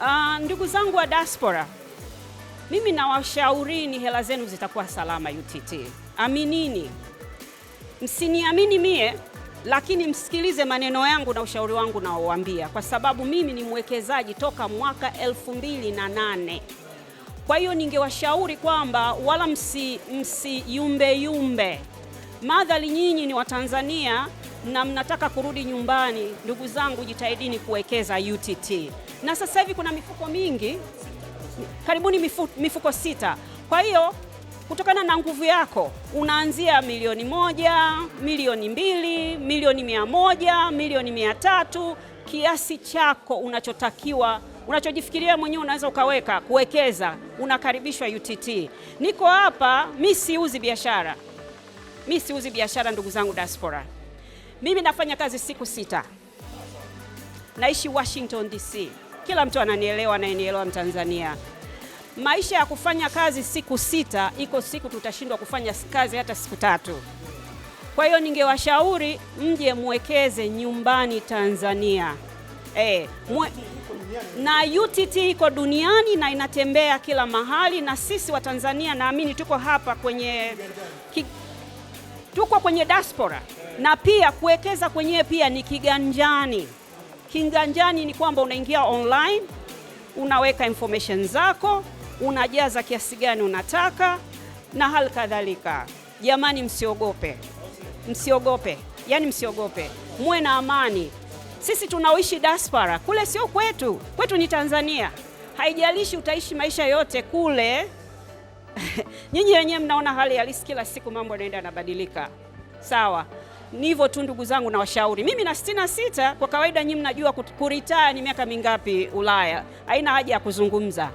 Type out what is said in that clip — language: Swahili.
Uh, ndugu zangu wa diaspora, mimi nawashaurini, hela zenu zitakuwa salama UTT. Aminini, msiniamini mie, lakini msikilize maneno yangu na ushauri wangu naowaambia, kwa sababu mimi ni mwekezaji toka mwaka elfu mbili na nane. Kwa hiyo ningewashauri kwamba wala msi, msi yumbe yumbe, madhali nyinyi ni Watanzania na mnataka kurudi nyumbani. Ndugu zangu, jitahidini kuwekeza UTT na sasa hivi kuna mifuko mingi, karibuni mifuko, mifuko sita. Kwa hiyo kutokana na nguvu yako unaanzia milioni moja, milioni mbili, milioni mia moja, milioni mia tatu, kiasi chako unachotakiwa unachojifikiria mwenyewe unaweza ukaweka kuwekeza, unakaribishwa UTT. Niko hapa, mi siuzi biashara, mi siuzi biashara, ndugu zangu diaspora. Mimi nafanya kazi siku sita, naishi Washington DC kila mtu ananielewa, anayenielewa Mtanzania. Maisha ya kufanya kazi siku sita, iko siku tutashindwa kufanya kazi hata siku tatu. Kwa hiyo ningewashauri mje mwekeze nyumbani Tanzania. E, mwe, na UTT iko duniani na inatembea kila mahali, na sisi wa Tanzania naamini tuko hapa kwenye ki, tuko kwenye diaspora na pia kuwekeza kwenyewe pia ni kiganjani kinganjani ni kwamba unaingia online, unaweka information zako, unajaza kiasi gani unataka na hali kadhalika. Jamani, msiogope, msiogope, yani msiogope, muwe na amani. Sisi tunaoishi diaspora kule sio kwetu, kwetu ni Tanzania. Haijalishi utaishi maisha yote kule nyinyi wenyewe mnaona hali halisi kila siku, mambo yanaenda yanabadilika, sawa nivo tu ndugu zangu, na washauri mimi na sitini na sita. Kwa kawaida nyinyi mnajua kuritaya ni miaka mingapi Ulaya, haina haja ya kuzungumza.